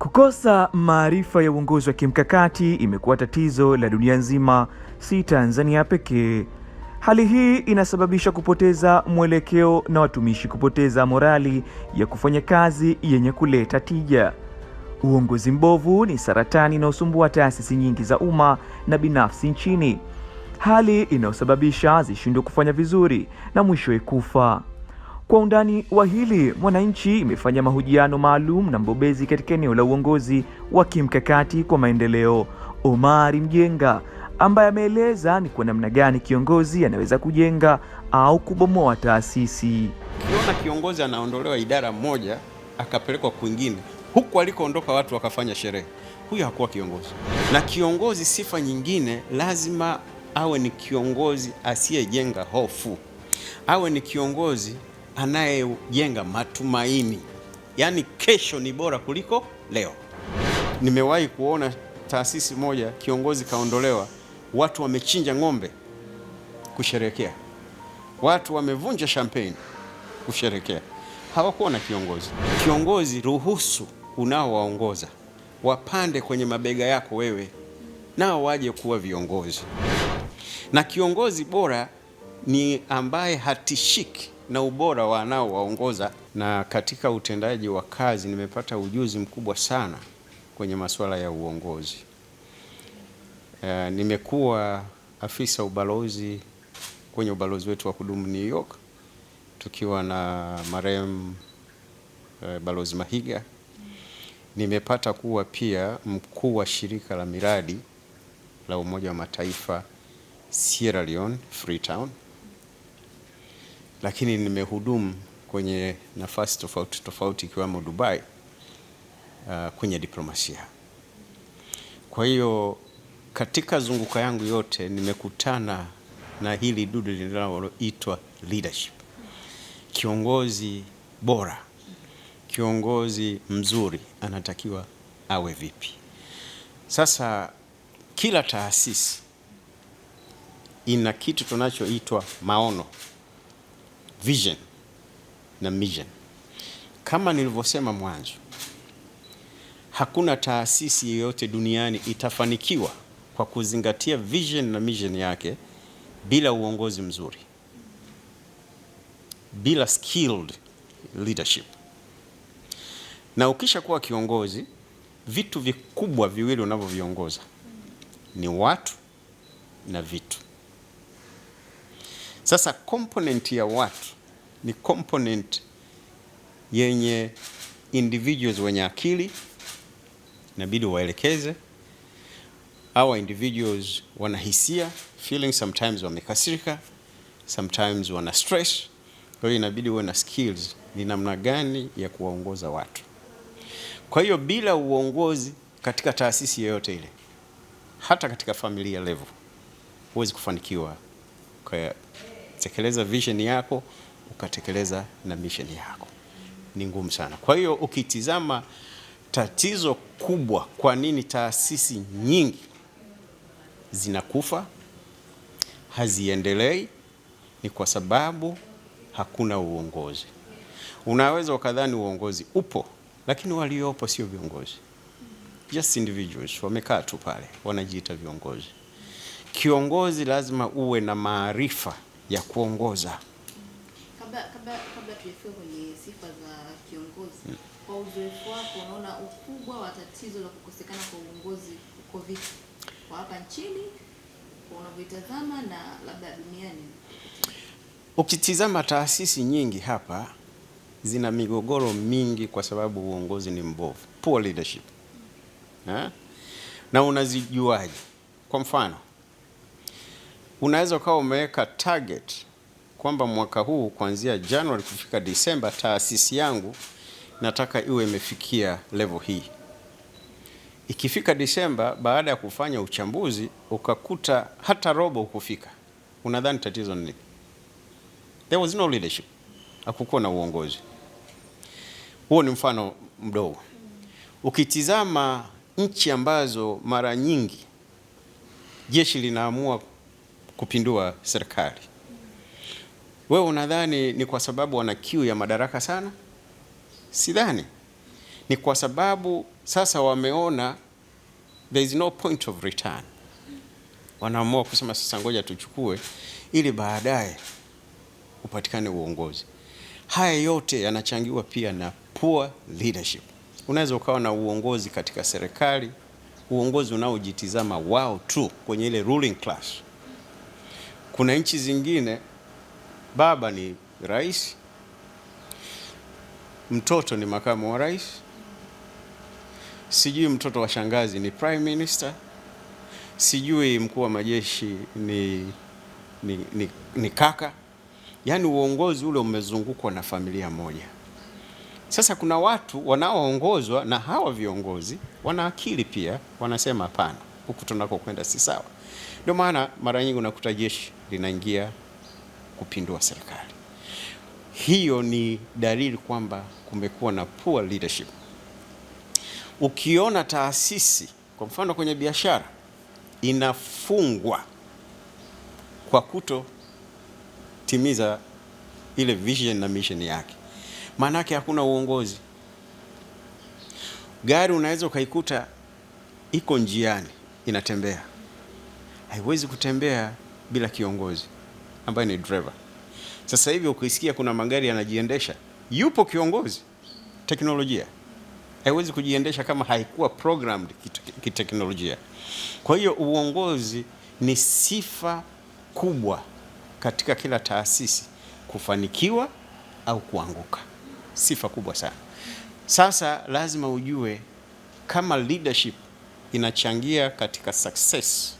Kukosa maarifa ya uongozi wa kimkakati imekuwa tatizo la dunia nzima, si Tanzania pekee. Hali hii inasababisha kupoteza mwelekeo na watumishi kupoteza morali ya kufanya kazi yenye kuleta tija. Uongozi mbovu ni saratani inayosumbua taasisi nyingi za umma na binafsi nchini, hali inayosababisha zishindwe kufanya vizuri na mwishowe kufa. Kwa undani wa hili, Mwananchi imefanya mahojiano maalum na mbobezi katika eneo la uongozi wa kimkakati kwa maendeleo, Omari Mjenga, ambaye ameeleza ni kwa namna gani kiongozi anaweza kujenga au kubomoa taasisi. Ukiona kiongozi anaondolewa idara moja akapelekwa kwingine, huku alikoondoka watu wakafanya sherehe, huyo hakuwa kiongozi. Na kiongozi, sifa nyingine, lazima awe ni kiongozi asiyejenga hofu, awe ni kiongozi anayejenga matumaini, yaani kesho ni bora kuliko leo. Nimewahi kuona taasisi moja, kiongozi kaondolewa, watu wamechinja ng'ombe kusherekea, watu wamevunja champagne kusherekea. na kiongozi. Kiongozi, ruhusu unaowaongoza wapande kwenye mabega yako wewe, nao waje kuwa viongozi. Na kiongozi bora ni ambaye hatishiki na ubora wanaowaongoza, na katika utendaji wa kazi nimepata ujuzi mkubwa sana kwenye masuala ya uongozi. Uh, nimekuwa afisa ubalozi kwenye ubalozi wetu wa kudumu New York tukiwa na marehemu uh, Balozi Mahiga. Nimepata kuwa pia mkuu wa shirika la miradi la Umoja wa Mataifa Sierra Leone Freetown lakini nimehudumu kwenye nafasi tofauti tofauti ikiwemo Dubai uh, kwenye diplomasia. Kwa hiyo katika zunguka yangu yote nimekutana na hili dudu linaloitwa leadership, kiongozi bora, kiongozi mzuri anatakiwa awe vipi? Sasa kila taasisi ina kitu tunachoitwa maono vision na mission. Kama nilivyosema mwanzo, hakuna taasisi yoyote duniani itafanikiwa kwa kuzingatia vision na mission yake bila uongozi mzuri, bila skilled leadership. Na ukisha kuwa kiongozi, vitu vikubwa viwili unavyoviongoza ni watu na vitu. Sasa component ya watu ni component yenye individuals wenye akili inabidi waelekeze. Our individuals wana hisia feeling, sometimes wamekasirika, sometimes wana stress. Kwa hiyo inabidi uwe na skills ni namna gani ya kuwaongoza watu. Kwa hiyo bila uongozi katika taasisi yoyote ile, hata katika familia level, huwezi kufanikiwa kwa ukatekeleza vision yako, ukatekeleza na mission yako, ni ngumu sana. Kwa hiyo ukitizama tatizo kubwa, kwa nini taasisi nyingi zinakufa, haziendelei, ni kwa sababu hakuna uongozi. Unaweza ukadhani uongozi upo, lakini waliopo sio viongozi, just individuals wamekaa tu pale wanajiita viongozi. Kiongozi lazima uwe na maarifa ya kuongoza. Kabla, kabla, kabla tuifike kwenye sifa za kiongozi hmm, Kwa uzoefu wako unaona ukubwa wa tatizo la kukosekana kwa uongozi uko vipi kwa hapa nchini kwa unavyotazama na labda duniani? Ukitizama taasisi nyingi hapa zina migogoro mingi kwa sababu uongozi ni mbovu, poor leadership mm. Ha? Eh? Na unazijuaje? Kwa mfano unaweza ukawa umeweka target kwamba mwaka huu kuanzia January kufika Disemba, taasisi yangu nataka iwe imefikia level hii. Ikifika Disemba, baada ya kufanya uchambuzi ukakuta hata robo hukufika, unadhani tatizo ni nini? There was no leadership, hakukuwa na uongozi. Huo ni mfano mdogo. Ukitizama nchi ambazo mara nyingi jeshi linaamua kupindua serikali. Wewe unadhani ni kwa sababu wana kiu ya madaraka sana? Sidhani. Ni kwa sababu sasa wameona there is no point of return, wanaamua kusema sasa, ngoja tuchukue ili baadaye upatikane uongozi. Haya yote yanachangiwa pia na poor leadership. Unaweza ukawa na uongozi katika serikali, uongozi unaojitizama wao tu kwenye ile ruling class. Kuna nchi zingine baba ni rais, mtoto ni makamu wa rais, sijui mtoto wa shangazi ni prime minister, sijui mkuu wa majeshi ni, ni, ni, ni kaka. Yaani uongozi ule umezungukwa na familia moja. Sasa kuna watu wanaoongozwa na hawa viongozi wana akili pia, wanasema hapana, huku tunakokwenda si sawa. Ndio maana mara nyingi unakuta jeshi linaingia kupindua serikali. Hiyo ni dalili kwamba kumekuwa na poor leadership. Ukiona taasisi kwa mfano kwenye biashara inafungwa kwa kutotimiza ile vision na mission yake, maanake hakuna uongozi. Gari unaweza ukaikuta iko njiani inatembea, haiwezi kutembea bila kiongozi ambaye ni driver. Sasa hivi ukisikia kuna magari yanajiendesha, yupo kiongozi. Teknolojia haiwezi kujiendesha kama haikuwa programmed kiteknolojia. Kwa hiyo uongozi ni sifa kubwa katika kila taasisi kufanikiwa au kuanguka, sifa kubwa sana. Sasa lazima ujue kama leadership inachangia katika success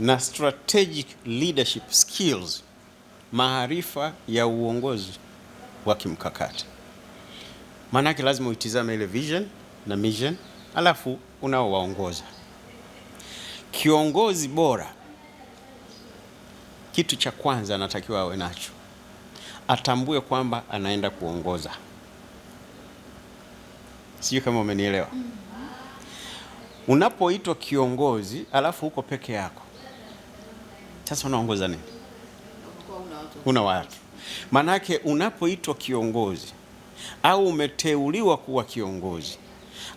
na strategic leadership skills, maarifa ya uongozi wa kimkakati. Maanake lazima uitizame ile vision na mission, alafu unaowaongoza. Kiongozi bora, kitu cha kwanza anatakiwa awe nacho, atambue kwamba anaenda kuongoza. Sijui kama umenielewa. Mm-hmm. Unapoitwa kiongozi alafu huko peke yako, sasa unaongoza nini? Una watu. Maanake unapoitwa kiongozi au umeteuliwa kuwa kiongozi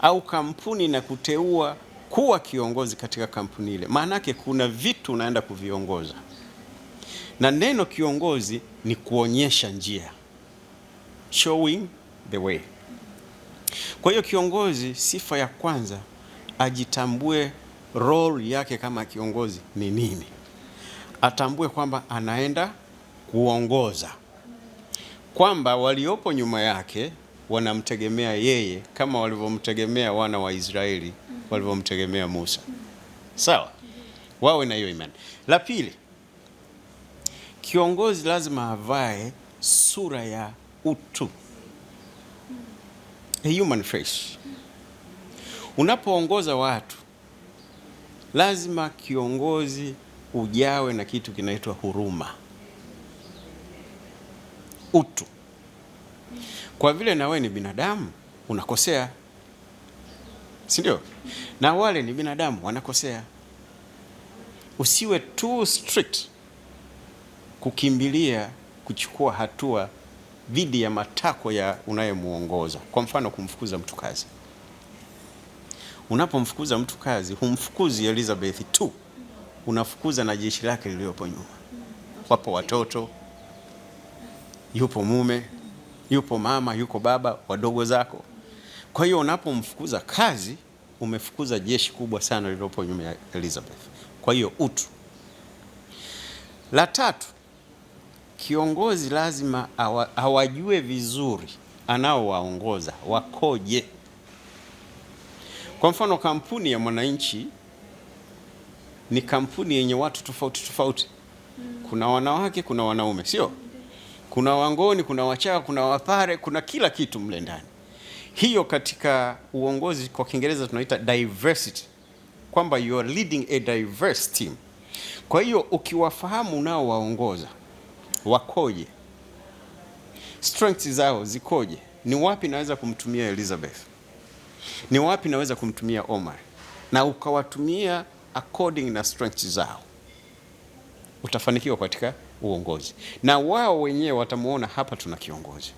au kampuni na kuteua kuwa kiongozi katika kampuni ile, maanake kuna vitu unaenda kuviongoza, na neno kiongozi ni kuonyesha njia, showing the way. Kwa hiyo kiongozi, sifa ya kwanza ajitambue role yake kama kiongozi ni nini atambue kwamba anaenda kuongoza, kwamba waliopo nyuma yake wanamtegemea yeye kama walivyomtegemea wana wa Israeli walivyomtegemea Musa. Sawa, wawe na hiyo imani. La pili, kiongozi lazima avae sura ya utu, a human face. Unapoongoza watu lazima kiongozi ujawe na kitu kinaitwa huruma, utu. Kwa vile na wewe ni binadamu unakosea, si ndio? Na wale ni binadamu wanakosea. Usiwe too strict kukimbilia kuchukua hatua dhidi ya matakwa ya unayemuongoza. Kwa mfano, kumfukuza mtu kazi. Unapomfukuza mtu kazi, humfukuzi Elizabeth tu unafukuza na jeshi lake liliyopo nyuma. Wapo watoto, yupo mume, yupo mama, yuko baba, wadogo zako. Kwa hiyo unapomfukuza kazi, umefukuza jeshi kubwa sana lililopo nyuma ya Elizabeth. Kwa hiyo utu. La tatu, kiongozi lazima awa, awajue vizuri anaowaongoza wakoje. Kwa mfano, kampuni ya Mwananchi ni kampuni yenye watu tofauti tofauti. Kuna wanawake, kuna wanaume, sio? Kuna Wangoni, kuna Wachaga, kuna Wapare, kuna kila kitu mle ndani. Hiyo katika uongozi kwa Kiingereza tunaita diversity, kwamba you are leading a diverse team. Kwa hiyo ukiwafahamu nao waongoza wakoje, strengths zao zikoje, ni wapi naweza kumtumia Elizabeth, ni wapi naweza kumtumia Omar, na ukawatumia according na strength zao, utafanikiwa katika uongozi, na wao wenyewe watamuona hapa tuna kiongozi.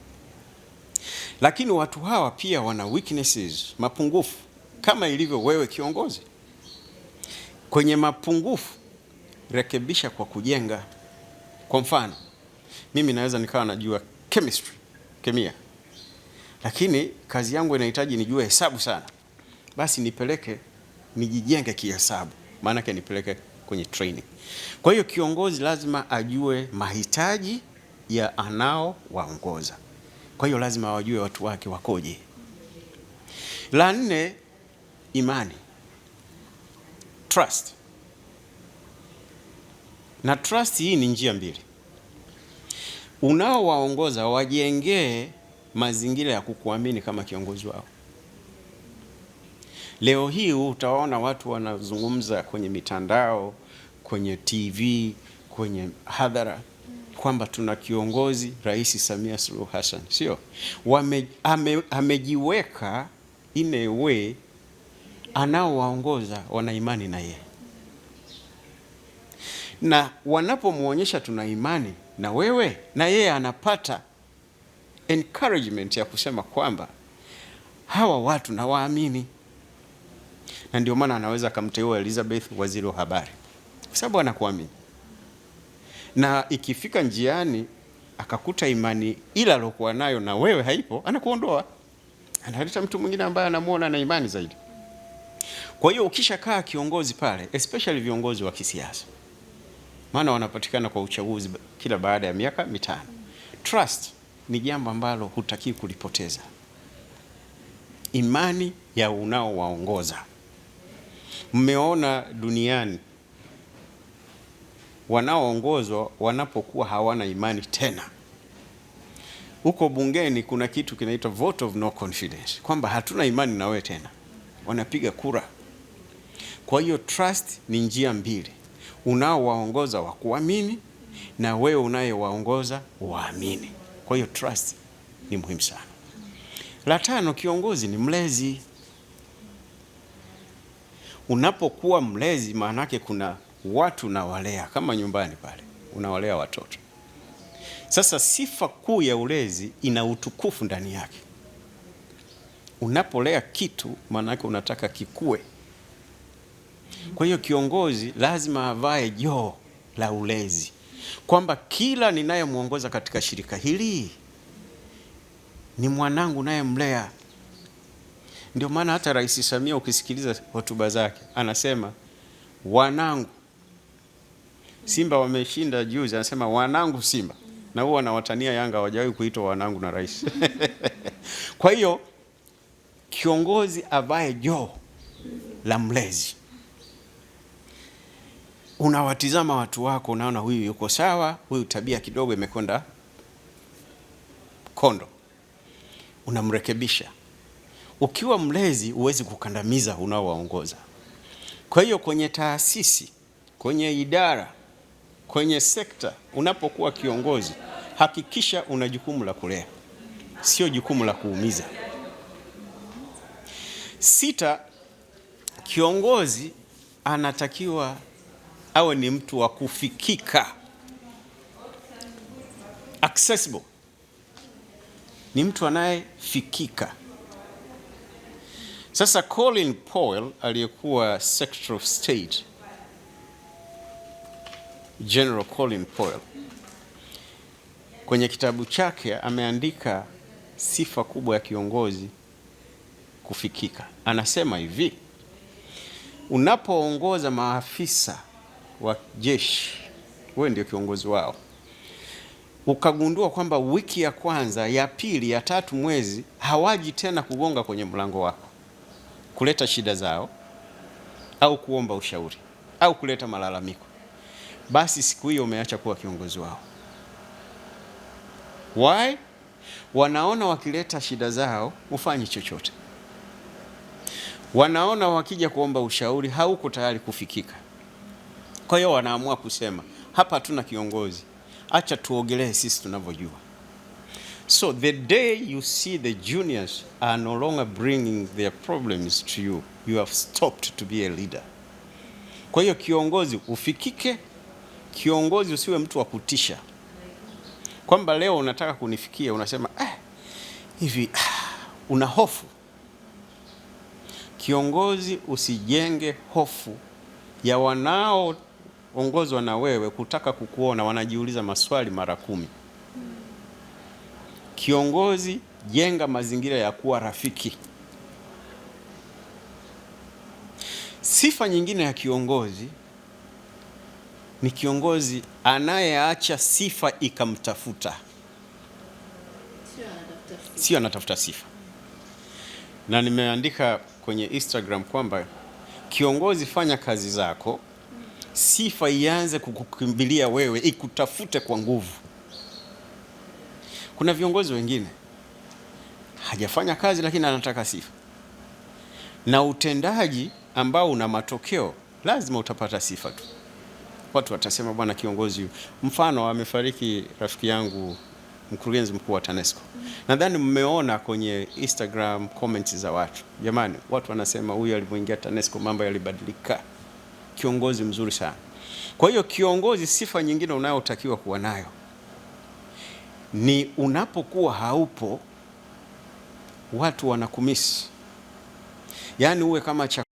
Lakini watu hawa pia wana weaknesses, mapungufu kama ilivyo wewe kiongozi. Kwenye mapungufu rekebisha kwa kujenga. Kwa mfano, mimi naweza nikawa najua chemistry, kemia, lakini kazi yangu inahitaji nijue hesabu sana, basi nipeleke nijijenge kihesabu, maanake nipeleke kwenye training. Kwa hiyo kiongozi lazima ajue mahitaji ya anaowaongoza, kwa hiyo lazima wajue watu wake wakoje. La nne, imani, trust. Na trust hii ni njia mbili, unaowaongoza wajengee mazingira ya kukuamini kama kiongozi wao. Leo hii utaona watu wanazungumza kwenye mitandao, kwenye TV, kwenye hadhara kwamba tuna kiongozi Rais Samia Suluhu Hassan, sio amejiweka ame in a way anaowaongoza wana imani na yeye, na wanapomwonyesha tuna imani na wewe, na yeye anapata encouragement ya kusema kwamba hawa watu nawaamini na ndio maana anaweza akamteua Elizabeth waziri wa habari, kwa sababu anakuamini, na ikifika njiani akakuta imani ila alokuwa nayo na wewe haipo, anakuondoa, analeta mtu mwingine ambaye anamuona na imani zaidi. Kwa hiyo ukishakaa kiongozi pale, especially viongozi wa kisiasa, maana wanapatikana kwa uchaguzi kila baada ya miaka mitano, trust ni jambo ambalo hutaki kulipoteza, imani ya unaowaongoza. Mmeona duniani wanaoongozwa wanapokuwa hawana imani tena. Huko bungeni kuna kitu kinaitwa vote of no confidence, kwamba hatuna imani na wewe tena, wanapiga kura. Kwa hiyo trust ni njia mbili, unaowaongoza wa kuamini na wewe unayewaongoza waamini. Kwa hiyo trust ni muhimu sana. La tano, kiongozi ni mlezi unapokuwa mlezi, maanake kuna watu nawalea, kama nyumbani pale unawalea watoto. Sasa sifa kuu ya ulezi ina utukufu ndani yake. Unapolea kitu, maanake unataka kikue. Kwa hiyo kiongozi lazima avae joo la ulezi, kwamba kila ninayemwongoza katika shirika hili ni mwanangu nayemlea ndio maana hata Rais Samia ukisikiliza hotuba zake anasema wanangu Simba wameshinda juzi, anasema wanangu Simba, na huwa anawatania Yanga, hawajawahi kuitwa wanangu na rais kwa hiyo kiongozi avae joo la mlezi, unawatizama watu wako, unaona huyu yuko sawa, huyu tabia kidogo imekwenda kondo, unamrekebisha ukiwa mlezi huwezi kukandamiza unaowaongoza. Kwa hiyo kwenye taasisi, kwenye idara, kwenye sekta, unapokuwa kiongozi, hakikisha una jukumu la kulea, sio jukumu la kuumiza. Sita, kiongozi anatakiwa awe ni mtu wa kufikika, accessible, ni mtu anayefikika. Sasa Colin Powell aliyekuwa Secretary of State General Colin Powell kwenye kitabu chake ameandika sifa kubwa ya kiongozi kufikika. Anasema hivi, unapoongoza maafisa wa jeshi, wewe ndio kiongozi wao, ukagundua kwamba wiki ya kwanza, ya pili, ya tatu, mwezi hawaji tena kugonga kwenye mlango wako kuleta shida zao au kuomba ushauri au kuleta malalamiko, basi siku hiyo umeacha kuwa kiongozi wao. Why? Wanaona wakileta shida zao ufanye chochote, wanaona wakija kuomba ushauri hauko tayari kufikika. Kwa hiyo wanaamua kusema hapa hatuna kiongozi, acha tuogelee sisi tunavyojua. So the day you see the juniors are no longer bringing their problems to you, you have stopped to be a leader. Kwa hiyo kiongozi ufikike, kiongozi usiwe mtu wa kutisha, kwamba leo unataka kunifikia unasema eh, hivi ah, una hofu. Kiongozi usijenge hofu ya wanaoongozwa na wewe kutaka kukuona wanajiuliza maswali mara kumi. Kiongozi, jenga mazingira ya kuwa rafiki. Sifa nyingine ya kiongozi ni kiongozi anayeacha sifa ikamtafuta, sio anatafuta sifa. Na nimeandika kwenye Instagram kwamba kiongozi, fanya kazi zako, sifa ianze kukukimbilia wewe, ikutafute kwa nguvu. Kuna viongozi wengine hajafanya kazi, lakini anataka sifa, na utendaji ambao una matokeo lazima utapata sifa tu. Watu watasema bwana kiongozi. Mfano, amefariki rafiki yangu mkurugenzi mkuu wa TANESCO. Nadhani mmeona kwenye Instagram comments za watu, jamani, watu wanasema huyu alipoingia TANESCO mambo yalibadilika, kiongozi mzuri sana. Kwa hiyo kiongozi, sifa nyingine unayotakiwa kuwa nayo ni unapokuwa haupo watu wanakumisi, yaani uwe kama cha